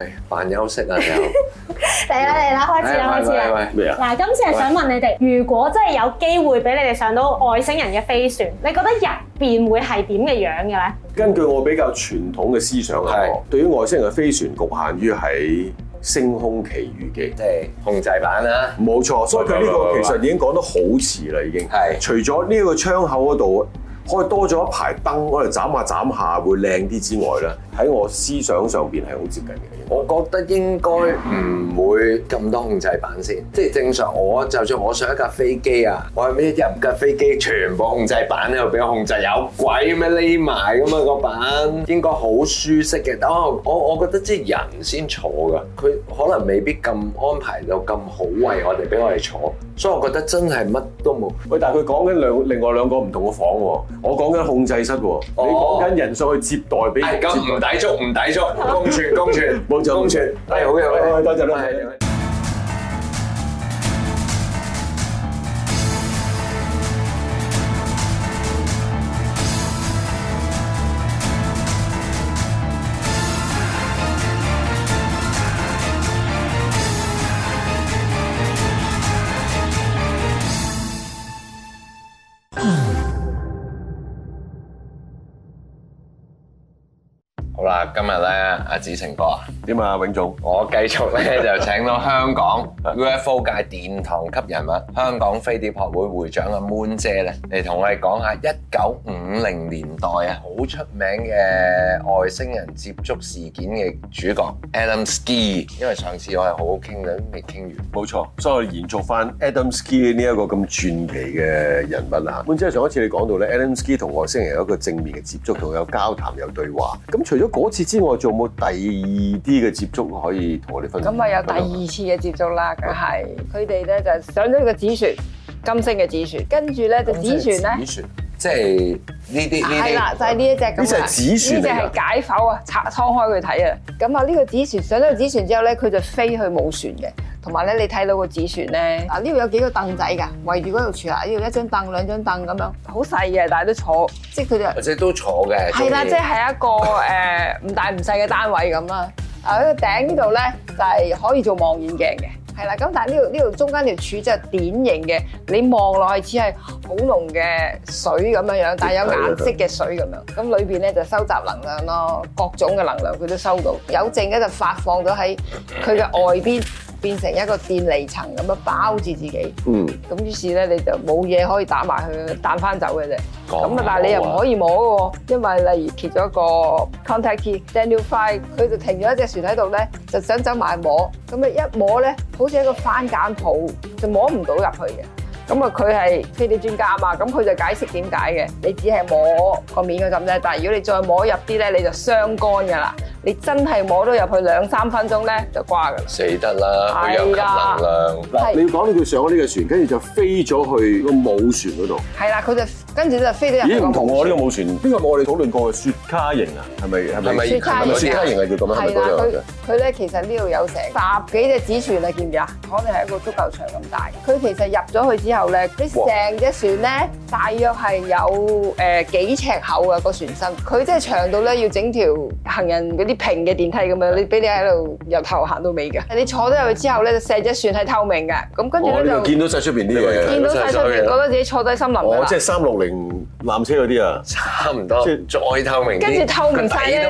誒飯休息啊，又嚟啦嚟啦，開始啦開始啦！咩啊？嗱，今次係想問你哋，如果真係有機會俾你哋上到外星人嘅飛船，你覺得入邊會係點嘅樣嘅咧？根據我比較傳統嘅思想啊，對於外星人嘅飛船，局限於喺《星空奇遇記》即係控制版啊，冇錯，所以佢呢個其實已經講得好遲啦，已經係除咗呢個窗口嗰度開多咗一排燈，我哋眨下眨下會靚啲之外咧。喺我思想上邊係好接近嘅。我覺得應該唔會咁多控制板先，即係正常。我就算我上一架飛機啊，我係咩入架飛機，全部控制板呢度俾我控制，有鬼咩匿埋噶嘛個板？應該好舒適嘅。但我我我覺得即係人先坐噶，佢可能未必咁安排到咁好為我哋俾我哋坐。所以我覺得真係乜都冇。喂，但係佢講緊兩另外兩個唔同嘅房喎，我講緊控制室喎，你講緊人上去接待俾代抵觸唔抵觸，公傳公傳冇錯，公傳，係 沒錯、哎、好嘅，多謝多謝。多謝好啦，今日咧，阿子誠哥啊，點啊，永總，我繼續咧就請到香港 UFO 界殿堂級人物、 香港飛碟學會會長阿 Moon 姐咧，嚟同我哋講下一九五零年代啊好出名嘅外星人接觸事件嘅主角 Adamski 因為上次我係好好傾嘅，都未傾完。冇錯，所以我延續翻 Adamski 呢一個咁傳奇嘅人物啦，Moon、嗯、姐上一次你講到咧，Adamski 同外星人有一個正面嘅接觸同有交談有對話，咁除咗嗰次之外，仲有冇第二啲嘅接觸可以同我哋分享？咁啊，有第二次嘅接觸啦，梗、就、係、是。佢哋咧就是、上咗個子船，金星嘅子船，跟住咧就子船咧。即係呢啲，係啦，就係呢一隻。呢隻係子船，呢隻係解剖啊，拆開佢睇啊。咁啊，呢個子船上咗個子船之後咧，佢就飛去母船嘅。同埋咧，你睇到個子船咧，啊呢度有幾個凳仔㗎，圍住嗰度住啊。呢度一張凳、兩張凳咁樣，好細嘅，但係都坐，即係佢哋即係都坐嘅。係啦，即係一個誒唔大唔細嘅單位咁啦。啊喺個頂呢度咧，就係、是、可以做望遠鏡嘅。係啦，咁但係呢度呢度中間條柱就係典型嘅，你望落去似係好濃嘅水咁樣樣，但係有顏色嘅水咁樣，咁裏邊咧就收集能量咯，各種嘅能量佢都收到，有剩嘅就發放咗喺佢嘅外邊。變成一個電離層咁樣包住自，自己，咁、嗯、於是咧你就冇嘢可以打埋佢彈翻走嘅啫。咁啊話，但係你又唔可以摸嘅，因為例如揭咗一個 contact Daniel Fry，佢就停咗一隻船喺度咧，就想走埋摸，咁啊一摸咧，好似一個翻間布，就摸唔到入去嘅。咁啊，佢係飛碟專家啊嘛，咁佢就解釋點解嘅。你只係摸個面嗰陣啫，但係如果你再摸入啲咧，你就傷乾㗎啦。你真係摸到入去兩三分鐘咧，就瓜㗎！死得啦！佢有強能量。係啦、啊，你講到佢上咗呢個船，跟住就飛咗去個母船嗰度。係啦、啊，佢就跟住就飛咗入。咦？唔同喎，呢個母船邊個冇我哋討論過雪茄型啊？係咪係咪？雪茄型係叫咁啊？係啦，佢佢咧其實呢度有成十幾隻子船啊！見唔見啊？可能係一個足球場咁大。佢其實入咗去之後咧，啲成隻船咧，大約係有誒幾尺厚㗎個船身。佢即係長到咧要整條行人啲。平嘅電梯咁樣，你俾你喺度由頭行到尾㗎。你坐咗入去之後咧，成隻船係透明㗎。咁跟住咧就見到晒出邊啲嘢。見到晒出邊，覺得自己坐低森林。哦，即係三六零纜車嗰啲啊，差唔多。即係再透明，跟住透明曬咧，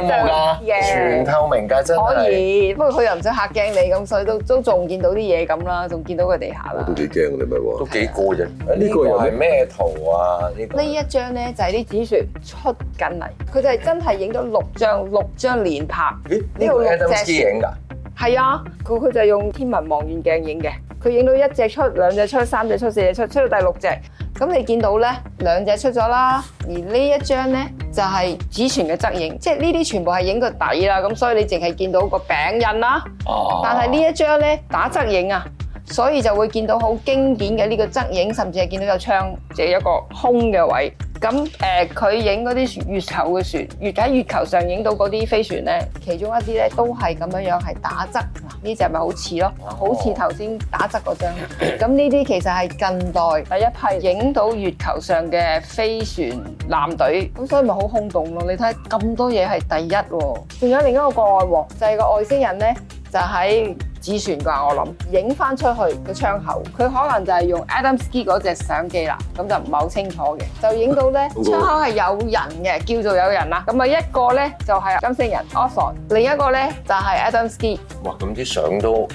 全透明㗎，真係。可以，不過佢又唔使嚇驚你咁，所以都都仲見到啲嘢咁啦，仲見到個地下啦。都幾驚㗎，唔係都幾過癮。呢個又係咩圖啊？呢呢一張咧就係啲紫船出緊嚟，佢就係真係影咗六張，六張連嚇？呢度 Adamski 影㗎？係啊，佢佢、嗯、就係用天文望遠鏡影嘅，佢影到一隻出，兩隻出，三隻出，四隻出，出到第六隻。咁你見到咧，兩隻出咗啦，而呢一張咧就係紙存嘅側影，即係呢啲全部係影個底啦。咁所以你淨係見到個餅印啦。哦、啊。但係呢一張咧打側影啊。所以就會見到好經典嘅呢個側影，甚至係見到個窗，即係一個空嘅位。咁誒，佢影嗰啲月球嘅船，月喺月球上影到嗰啲飛船呢，其中一啲咧都係咁樣樣係打側。嗱，呢隻咪好似咯，好似頭先打側嗰張。咁呢啲其實係近代第一批影到月球上嘅飛船艦隊。咁所以咪好空洞咯。你睇咁多嘢係第一喎、哦。仲有另一個國外喎，就係、是、個外星人咧，就喺、是。子璇啩，我諗影翻出去個窗口，佢可能就係用 Adamski 嗰隻相機啦，咁就唔係好清楚嘅，就影到咧 窗口係有人嘅，叫做有人啦，咁啊一個咧就係、是、金星人 a o s o a r 另一個咧就係、是、Adamski。哇，咁啲相都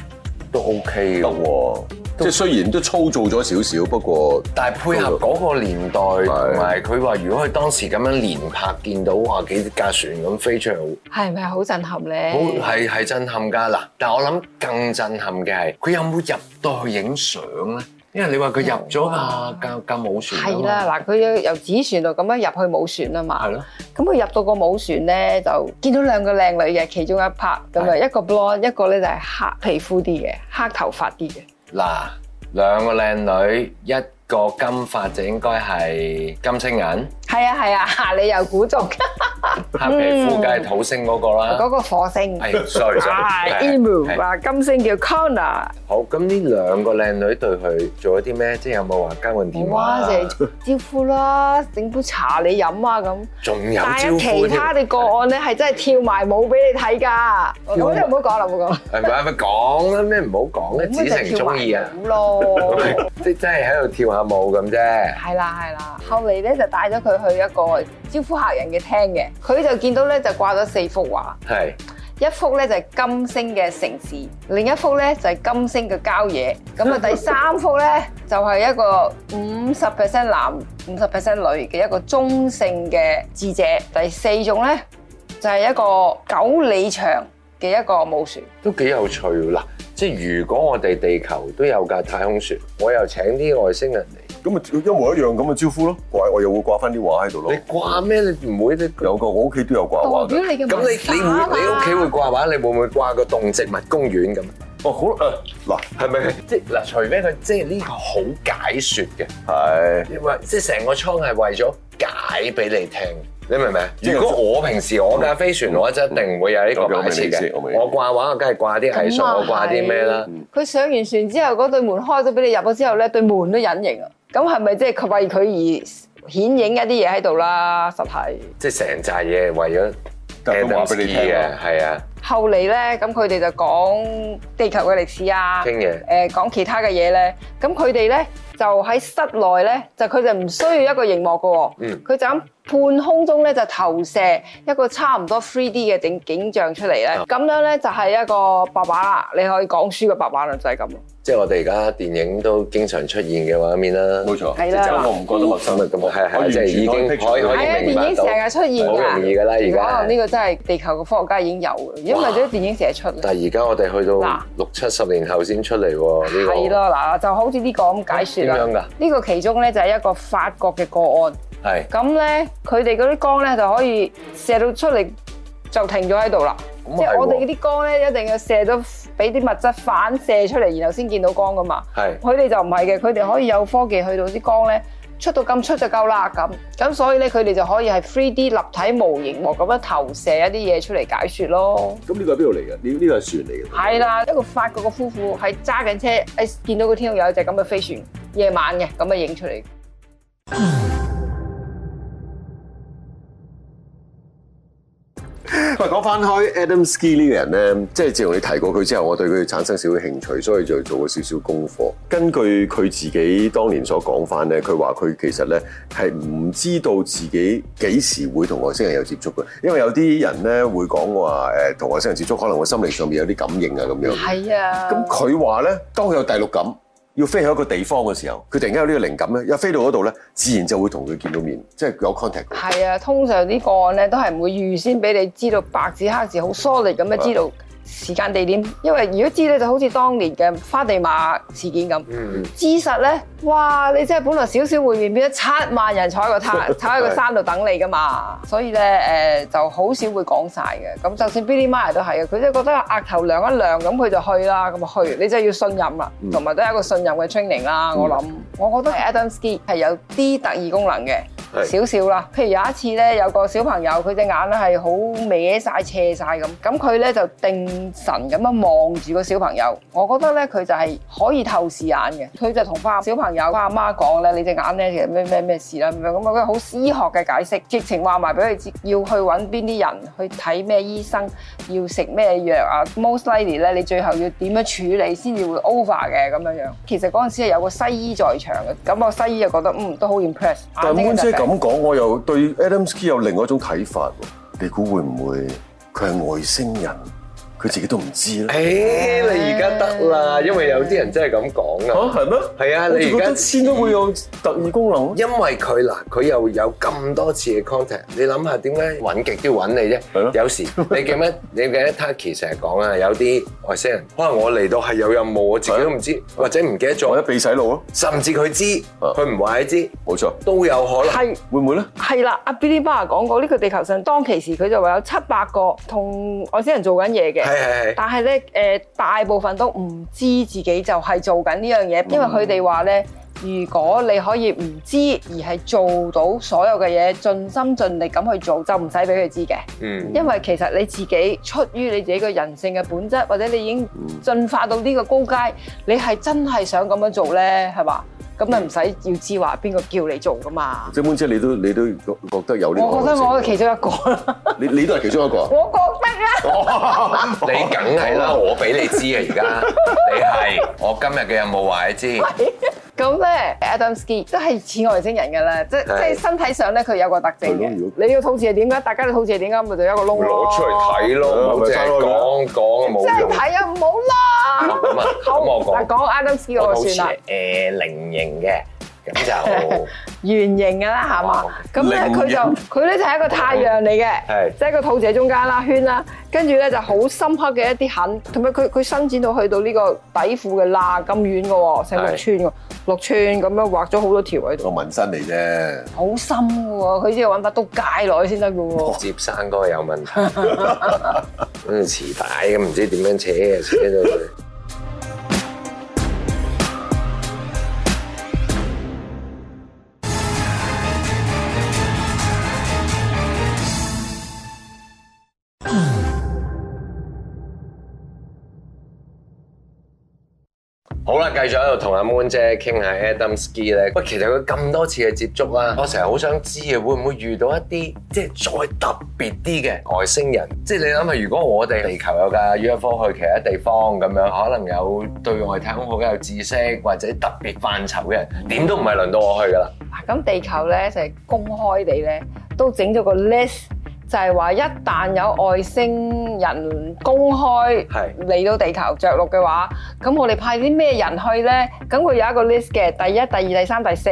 都 O K 嘅喎。即係雖然都粗糙咗少少，不過，但係配合嗰個年代同埋，佢話如果佢當時咁樣連拍，見到話幾架船咁飛出嚟，係咪好震撼咧？好係係震撼㗎嗱！但係我諗更震撼嘅係佢有冇入到去影相咧？因為你話佢入咗架架母船，係啦嗱，佢由子船度咁樣入去母船啊嘛，係咯。咁佢入到個母船咧，就見到兩個靚女嘅，其中一 part 咁，啊一個 blonde 一個咧就係黑皮膚啲嘅黑頭髮啲嘅。嗱，兩個靚女，一個金髮就應該係金青銀。係啊係啊，你又估中，黑皮膚梗係土星嗰個啦，嗰個火星係，sorry sorry，係，Imu 啊金星叫 Connor。好，咁呢兩個靚女對佢做咗啲咩？即係有冇話交換電話啊？招呼啦，整杯茶你飲啊咁。仲有招呼。但係其他啲個案咧係真係跳埋舞俾你睇㗎，好唔好？唔好講啦，唔好講啦。係咪啊？快講啦！咩唔好講咧？只係跳舞咯，即係真係喺度跳下舞咁啫。係啦係啦，後嚟咧就帶咗佢。去一個招呼客人嘅廳嘅，佢就見到咧就掛咗四幅畫，係一幅咧就係金星嘅城市，另一幅咧就係金星嘅郊野，咁啊第三幅咧就係一個五十 percent 男五十 percent 女嘅一個中性嘅智者，第四種咧就係一個九里長嘅一個母船，都幾有趣嗱！即係如果我哋地球都有架太空船，我又請啲外星人嚟。咁咪一模一樣咁咪招呼咯，掛我又會掛翻啲畫喺度咯。你掛咩？你唔會你有個我屋企都有掛畫嘅。代你咁你你會你屋企會掛畫？你會唔會掛個動植物公園咁？哦，好啊，嗱，係咪即嗱？除非佢即呢個好解説嘅係，因為即成個倉係為咗解俾你聽，你明唔明？如果我平時我架飛船嘅話，就一定會有呢個擺設嘅。我掛畫，我梗係掛啲藝術，我掛啲咩啦？佢上完船之後，嗰對門開咗俾你入咗之後咧，對門都隱形啊！咁係咪即係佢為佢而顯影一啲嘢喺度啦？實體即係成紮嘢為咗聽我話俾你知啊！係啊。後嚟咧，咁佢哋就講地球嘅歷史啊。傾嘢。誒，講其他嘅嘢咧，咁佢哋咧就喺室內咧，就佢就唔需要一個熒幕噶，佢就喺半空中咧就投射一個差唔多 3D 嘅景景象出嚟咧。咁樣咧就係一個白板啦，你可以講書嘅白板啦就係咁咯。即係我哋而家電影都經常出現嘅畫面啦，冇錯，即係我唔覺得陌生嘅咁，係啊係即係已經可以可以明白到。係啊，電影成日出現，好容易嘅啦，而家。可能呢個真係地球嘅科學家已經有嘅，因為嗰啲電影成日出。但係而家我哋去到六七十年後先出嚟喎，呢個係咯嗱，就好似呢個咁解説啦。點樣㗎？呢個其中咧就係一個法國嘅個案，係咁咧，佢哋嗰啲光咧就可以射到出嚟。就停咗喺度啦，嗯、即係我哋嗰啲光咧，一定要射到，俾啲物質反射出嚟，然後先見到光噶嘛。係是，佢哋就唔係嘅，佢哋可以有科技去到啲光咧，出到咁出就夠啦咁。咁所以咧，佢哋就可以係 3D 立體模型模咁樣投射一啲嘢出嚟解説咯。咁呢、嗯、個係邊度嚟嘅？呢呢個係船嚟嘅。係啦， 的一個法國嘅夫婦係揸緊車，誒見、嗯、到個天空有一隻咁嘅飛船，夜晚嘅咁啊影出嚟。嗯唔係講翻開 Adamski 呢個人呢，即係自從你提過佢之後，我對佢產生少少興趣，所以就做咗少少功課。根據佢自己當年所講翻呢，佢話佢其實呢係唔知道自己幾時會同外星人有接觸嘅，因為有啲人呢會講話誒同外星人接觸，可能會心靈上面有啲感應啊咁樣。係啊，咁佢話呢，當佢有第六感，要飛去一個地方嘅時候，佢突然間有呢個靈感咧，又飛到嗰度咧，自然就會同佢見到面，即係有 contact。係啊，通常啲個案咧都係唔會預先俾你知道，白紙黑字好疏 o r 咁樣知道，時間地點，因為如果知咧就好似當年嘅花地馬事件咁，事、mm hmm. 實咧，哇！你真係本來少少會面，變咗七萬人坐喺個塔，坐喺個山度 等你噶嘛，所以咧誒、呃、就好少會講晒嘅。咁就算 Billy Murray 都係啊，佢真係覺得額頭涼一涼，咁佢就去啦，咁啊去。你真係要信任啦，同埋都係一個信任嘅 training 啦。我諗，mm hmm. 我覺得 Adamski 係有啲特異功能嘅。少少啦，譬如有一次咧，有個小朋友佢隻眼咧係好歪晒斜晒咁，咁佢咧就定神咁樣望住個小朋友，我覺得咧佢就係可以透視眼嘅，佢就同翻小朋友翻阿媽講咧，你隻眼咧其實咩咩咩事啦，咁啊佢好醫學嘅解釋，直情話埋俾佢知要去揾邊啲人去睇咩醫生，要食咩藥啊，most likely 咧你最後要點樣處理先至會 over 嘅咁樣樣。其實嗰陣時係有個西醫在場嘅，咁個西醫就覺得嗯都好 impress。咁講，我又對 Adamski 有另外一種睇法。你估會唔會佢係外星人？佢自己都唔知咧。誒，你而家得啦，因為有啲人真係咁講啊。嚇，係咩？係啊，你而家千都會有特異功能。因為佢嗱，佢又有咁多次嘅 contact，你諗下點解揾極都揾你啫？係咯。有時你記咩？你記得 Taki 成日講啊，有啲外星人可能我嚟到係有任務，我自己都唔知，或者唔記得咗。或者被洗腦咯。甚至佢知，佢唔話你知。冇錯。都有可能。係。會唔會咧？係啦，阿 Billie Bob 講過，呢個地球上當其時佢就話有七百個同外星人做緊嘢嘅。但係咧，誒、呃，大部分都唔知自己就係做緊呢樣嘢，因為佢哋話咧，如果你可以唔知而係做到所有嘅嘢，盡心盡力咁去做，就唔使俾佢知嘅。嗯，因為其實你自己出於你自己嘅人性嘅本質，或者你已經進化到呢個高階，你係真係想咁樣做呢？係嘛？咁咪唔使要知話邊個叫你做㗎嘛？即係本身，你都你都覺得有呢個，我覺得我係其中一個 你。你你都係其中一個我覺得啊我？ 你梗係啦，我俾你知啊，而家你係我今日嘅任務話你知。咁咧，Adamski 都係似外星人㗎啦，即即身體上咧，佢有個特徵嘅。你要肚臍係點㗎？大家嘅肚臍係點㗎？咪就有一個窿咯。攞出嚟睇咯，唔好淨講講，冇用。即係睇又冇啦。咁啊，咁我講。講 Adamski 我算啦。誒，菱形嘅，咁就圓形㗎啦，係嘛？咁咧佢就佢呢就係一個太陽嚟嘅，即一個肚臍中間啦，圈啦，跟住咧就好深刻嘅一啲痕，同埋佢佢伸展到去到呢個底褲嘅罅咁遠嘅喎，成個穿㗎。六寸咁樣畫咗好多條喺度，個紋身嚟啫，好深嘅喎，佢只要揾把刀戒落去先得嘅喎，接生哥有問題，嗰條磁帶咁唔知點樣扯，扯到佢。 好啦，繼續喺度同阿 Moon 姐傾下 Adamski 咧。喂，其實佢咁多次嘅接觸啦，我成日好想知啊，會唔會遇到一啲即係再特別啲嘅外星人？即係你諗下，如果我哋地球有架 UFO 去其他地方咁樣，可能有對外太空好有知識或者特別範疇嘅人，點都唔係輪到我去噶啦。咁地球咧，成日公開地咧都整咗個 list。就係話，一旦有外星人公開，嚟到地球着陸嘅話，咁我哋派啲咩人去呢？佢有一個 list 嘅，第一，第二，第三，第四。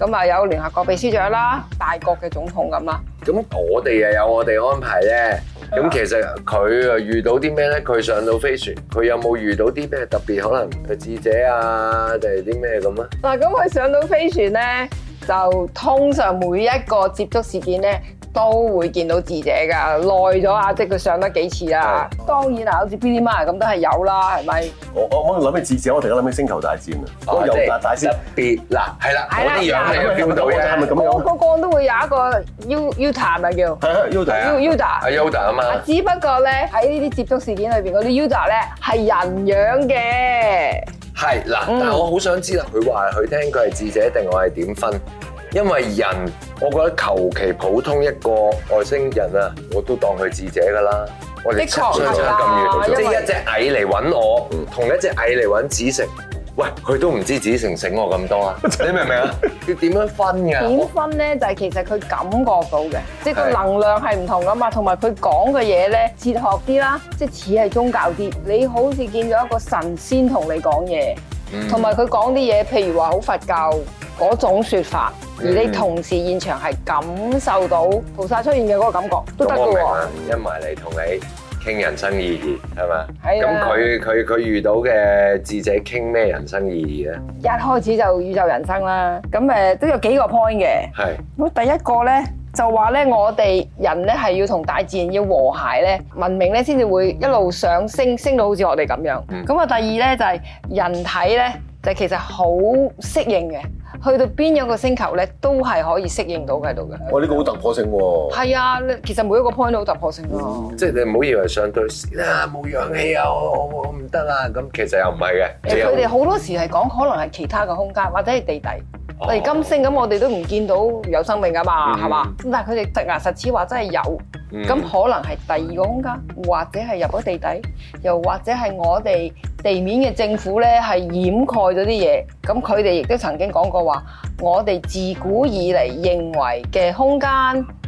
咁啊，有聯合國秘書長啦，大國嘅總統咁啦。咁我哋又有我哋安排咧。咁的其實佢啊遇到啲咩咧？佢上到飛船，佢有冇遇到啲咩特別？可能係智者啊，定係啲咩咁啊？嗱，咁佢上到飛船咧，就通常每一個接觸事件咧。都會見到智者噶，耐咗即係佢上得幾次啦。當然啊，好似 B T M 咁都係有啦，係咪？我我諗起智者，我突然間諗起星球大戰啊，個尤達大師，別嗱，係啦，嗰啲樣嚟嘅叫做咧，係咪咁樣？個個都會有一個 U U 塔咪叫？U 塔啊，U 塔係 U 塔啊嘛。只不過咧喺呢啲接觸事件裏邊，嗰啲 U 塔咧係人樣嘅。係嗱，但我好想知道，佢話佢聽佢係智者，定我係點分？因為人，我覺得求其普通一個外星人啊，我都當佢智者噶啦。我哋相差咁遠，即係為一隻蟻嚟搵我，同一隻蟻嚟搵子誠。喂，佢都唔知子誠醒我咁多啊？你明唔明啊？要點樣分噶？點分咧？就係其實佢感覺到嘅，即係個能量係唔同噶嘛。同埋佢講嘅嘢咧，是 哲學啲啦，即係似係宗教啲。你好似見到一個神仙同你講嘢，同埋佢講啲嘢，譬如話好佛教。嗰種説法，而你同時現場係感受到菩薩出現嘅嗰個感覺都得嘅喎。咁我明啊，一埋嚟同你傾人生意義，係嘛？係啊。咁佢佢佢遇到嘅智者傾咩人生意義咧？一開始就宇宙人生啦。咁誒都有幾個 point 嘅。係。咁第一個咧就話咧，我哋人咧係要同大自然要和諧咧，文明咧先至會一路上升，升到好似我哋咁樣。咁啊，第二咧就係人體咧。就其實好適應嘅，去到邊一個星球咧，都係可以適應到喺度嘅。哇！呢個好突破性喎。係啊，其實每一個 point 都好突破性㗎。即係你唔好以為上對時啦，冇氧氣啊，我我我唔得啦。咁其實又唔係嘅。佢哋好多時係講可能係其他嘅空間，或者係地底。例如金星咁，我哋都唔見到有生命㗎嘛，係嘛？但係佢哋實牙實齒話真係有，咁可能係第二個空間，或者係入咗地底，又或者係我哋。地面嘅政府咧，係掩蓋咗啲嘢。咁佢哋亦都曾經講過話，我哋自古以嚟認為嘅空間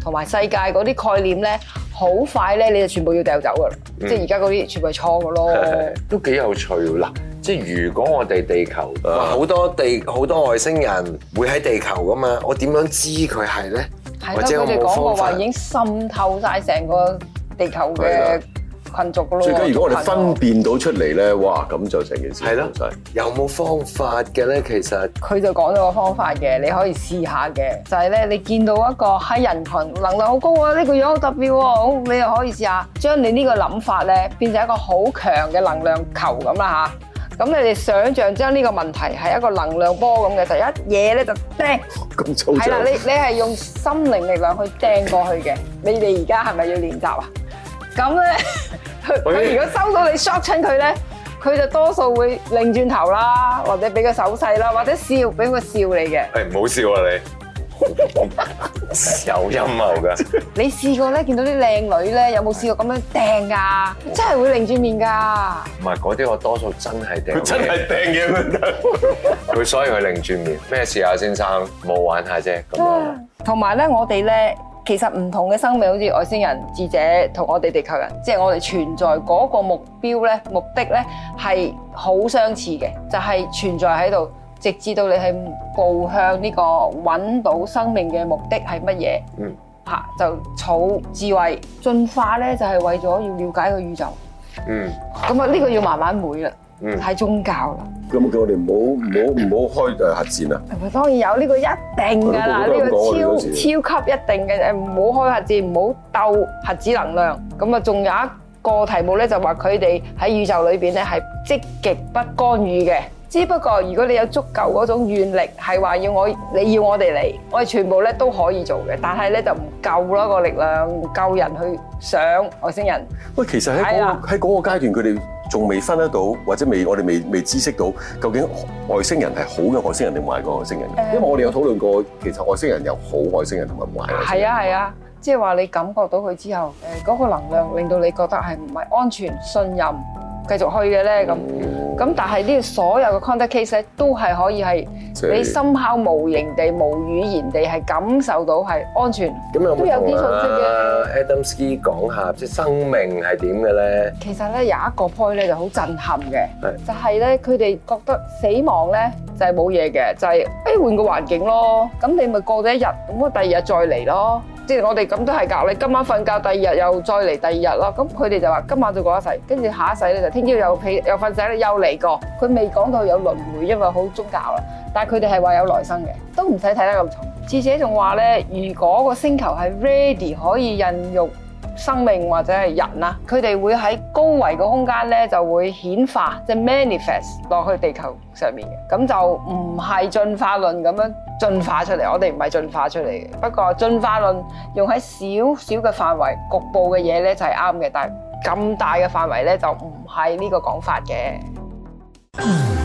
同埋世界嗰啲概念咧，好快咧你就全部要掉走噶啦、嗯嗯。即係而家嗰啲全部係錯嘅咯。都幾有趣嗱！即係如果我哋地球，好、嗯、多地好多外星人會喺地球噶嘛？我點樣知佢係咧？係。或者我冇方法。已經滲透晒成個地球嘅。族群咯，最緊如果我哋分辨到出嚟咧，哇咁就成件事。係咯，有冇方法嘅咧？其實佢就講咗個方法嘅，你可以試下嘅。就係咧，你見到一個喺人群能量好高啊，呢個樣好特別喎，好，你又可以試下將你呢個諗法咧，變成一個好強嘅能量球咁啦嚇。咁你哋想象將呢個問題係一個能量波咁嘅，第一嘢咧就掟。咁粗㗎？係啦，你，你係用心靈力量去掟過去嘅。你哋而家係咪要練習啊？咁咧？佢如果收到你 shot 親佢咧，佢就多數會擰轉頭啦，或者俾個手勢啦，或者笑，俾個笑你嘅。誒，唔好笑啊，你， 有陰謀㗎！你試過咧，見到啲靚女咧，有冇試過咁樣掟㗎？哦、真係會擰轉面㗎。唔係嗰啲，我多數真係掟。真係掟嘅，佢 所以佢擰轉面。咩事啊，先生？冇玩下啫。咁啊。同埋咧，我哋咧。其實唔同嘅生命，好似外星人、智者同我哋地球人，即係我哋存在嗰個目標咧、目的咧，係好相似嘅，就係、是、存在喺度，直至到你係步向呢、這個揾到生命嘅目的係乜嘢，嚇、嗯啊、就儲智慧進化咧，就係、是、為咗要了解個宇宙。嗯，咁啊，呢個要慢慢會啦。睇宗教啦，咁叫我哋唔好唔好唔好開誒核戰啊！當然有呢個一定噶啦，呢個超超級一定嘅，唔好開核戰，唔好鬥核子能量。咁啊，仲有一個題目咧，就話佢哋喺宇宙裏邊咧係積極不干預嘅。只不過如果你有足夠嗰種願力，係話要我你要我哋嚟，我哋全部咧都可以做嘅。但係咧就唔夠咯，個力量唔夠人去想外星人。喂，其實喺嗰喺嗰個階段，佢哋。仲未分得到，或者未我哋未未知識到究竟外星人係好嘅外星人定壞嘅外星人？星人，嗯、因為我哋有討論過，其實外星人有好外星人同埋壞嘅外星人。係啊係啊，啊嗯、即係話你感覺到佢之後，誒、那、嗰個能量令到你覺得係唔係安全信任？繼續去嘅咧咁，咁但係呢個所有嘅 contact case 咧，都係可以係你深敲無形地、無語言地係感受到係安全。咁都有啲信息嘅？Adamski 講下即係生命係點嘅咧？其實咧有一個 point 咧就好震撼嘅，就係咧佢哋覺得死亡咧就係冇嘢嘅，就係哎換個環境咯，咁你咪過咗一日，咁我第二日再嚟咯。我哋咁都係隔，你今晚瞓覺，第二日又再嚟第二日咯。咁佢哋就話今晚就過一世，跟住下一世咧就聽朝又起又瞓醒咧又嚟過。佢未講到有輪迴，因為好宗教啦。但係佢哋係話有來生嘅，都唔使睇得咁重。智者仲話咧，如果個星球係 ready 可以孕育。生命或者係人啦，佢哋會喺高維嘅空間呢就會顯化，即係 manifest 落去地球上面嘅，咁就唔係進化論咁樣進化出嚟。我哋唔係進化出嚟嘅，不過進化論用喺少少嘅範圍，局部嘅嘢呢就係啱嘅，但係咁大嘅範圍呢，就唔係呢個講法嘅。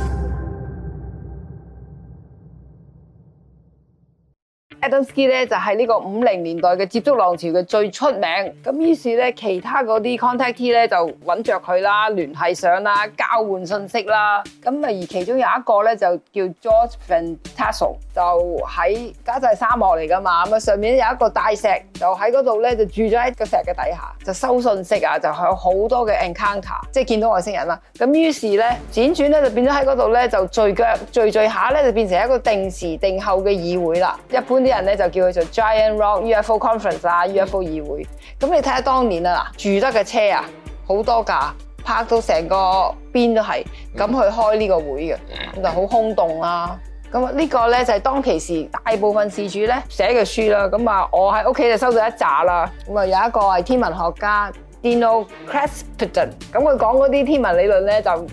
Adamski 咧就係、是、呢個五零年代嘅接觸浪潮嘅最出名，咁於是咧其他嗰啲 contactee 咧就揾着佢啦，聯繫上啦，交換信息啦，咁啊而其中有一個咧就叫 George Van Tassel 就喺加濟沙漠嚟㗎嘛，咁啊上面有一個大石，就喺嗰度咧就住咗喺個石嘅底下，就收信息啊，就係有好多嘅 encounter，即係見到外星人啦，咁於是咧輾轉咧就變咗喺嗰度咧就聚腳聚聚下咧就變成一個定時定候嘅議會啦，一般啲人咧就叫佢做 Giant Rock UFO Conference 啊，UFO 議會。咁你睇下當年啊，住得嘅車啊好多架，park 到成個邊都係咁去開呢個會嘅，咁就好轟動啊。咁呢個咧就係當其時大部分事主咧寫嘅書啦。咁啊，我喺屋企就收到一紮啦。咁啊，有一個係天文學家 Dino Kraspedon，咁佢講嗰啲天文理論咧就。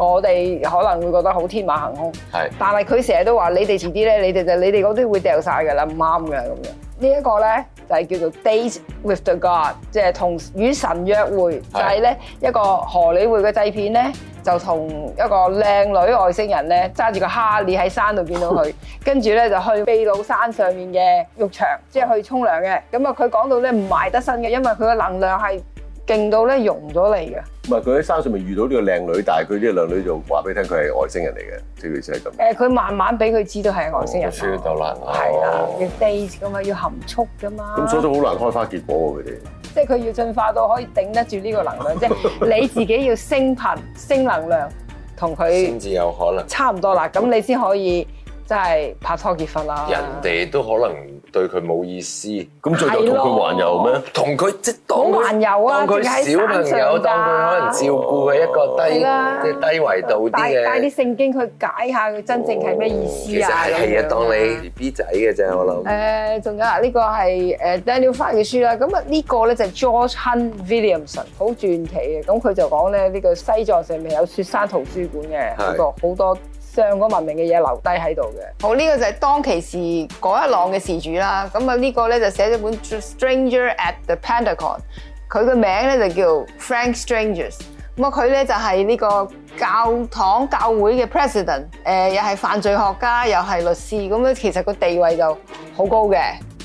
我哋可能會覺得好天馬行空，係，但係佢成日都話你哋遲啲咧，你哋就你哋嗰啲會掉曬㗎啦，唔啱嘅咁樣。呢一個咧就係叫做 Date with the God，即係同與神約會，就係咧一個荷里活嘅製片咧，就同一個靚女外星人咧揸住個哈利喺山度見到佢，跟住咧就去秘魯山上面嘅浴場，即係去沖涼嘅。咁啊，佢講到咧唔埋得身嘅，因為佢嘅能量係。勁到咧融咗嚟嘅。唔係佢喺山上咪遇到呢個靚女，但係佢呢個靚女就話俾你聽佢係外星人嚟嘅，即佢意係咁。誒，佢慢慢俾佢知道係外星人，衰、哦、到爛，係啦的，哦、要 face 噶嘛，要含蓄噶嘛，咁所以都好難開花結果喎、啊，佢哋。即係佢要進化到可以頂得住呢個能量， 即係你自己要升頻升能量，同佢先至有可能，差唔多啦，咁你先可以即係拍拖結婚啦。人哋都可能，對佢冇意思，咁最後同佢環遊咩？同佢即當環遊啊！當佢小朋友，當佢可能照顧佢一個低即低維度啲嘅。帶帶啲聖經去解下佢真正係咩意思啊！其實係係啊，當你 B 仔嘅啫，我諗。誒，仲有呢個係誒 Daniel 翻嘅書啦。咁啊，呢個咧就 George Hunt Williamson，好傳奇嘅。咁佢就講咧呢個西藏上面有雪山圖書館嘅，好多好多。兩個文明嘅嘢，留低喺度嘅。好，呢個就係當其時嗰一浪嘅事主啦。咁啊，呢個咧就寫咗本《Stranger at the Pentagon》，佢嘅名咧就叫 Frank Strangers。咁啊，佢咧就係呢個教堂教會嘅 president，誒，又係犯罪學家，又係律師，咁樣其實個地位就好高嘅。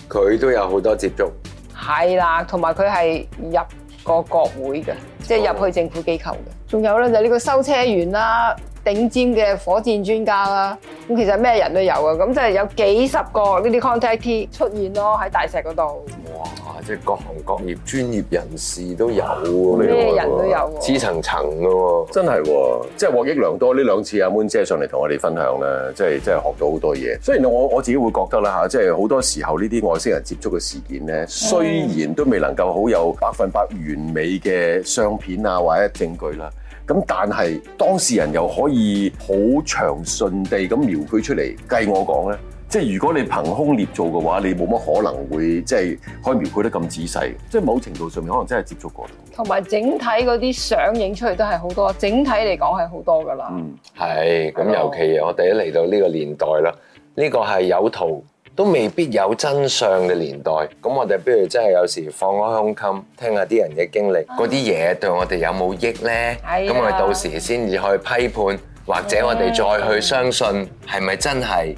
佢都有好多接觸。係啦，同埋佢係入過國會嘅，即係入去政府機構嘅。仲有咧就呢個收車員啦。頂尖嘅火箭專家啦，咁其實咩人都有啊。咁即係有幾十個呢啲 contactee 出現咯，喺大石嗰度。哇！即係各行各業專業人士都有，啊，咩人都有，啊，似層層嘅真係喎，啊，即係獲益良多呢兩次阿 Moon 姐上嚟同我哋分享咧，即係即係學咗好多嘢。雖然我我自己會覺得啦嚇，即係好多時候呢啲外星人接觸嘅事件咧，雖然都未能夠好有百分百完美嘅相片啊或者證據啦，啊。咁但係，當事人又可以好詳盡地咁描繪出嚟計我講咧，即係如果你憑空捏造嘅話，你冇乜可能會即係可以描繪得咁仔細，即係某程度上面可能真係接觸過。同埋整體嗰啲相影出嚟都係好多，整體嚟講係好多噶啦。嗯，係咁，尤其我哋一嚟到呢個年代啦，呢、呢個係有圖。都未必有真相嘅年代，咁我哋不如真係有時放開胸襟，聽下啲人嘅經歷，嗰啲嘢對我哋有冇益呢？咁、哎、呀我哋到時先至去批判，或者我哋再去相信係咪真係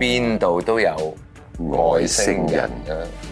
邊度都有外星人呀？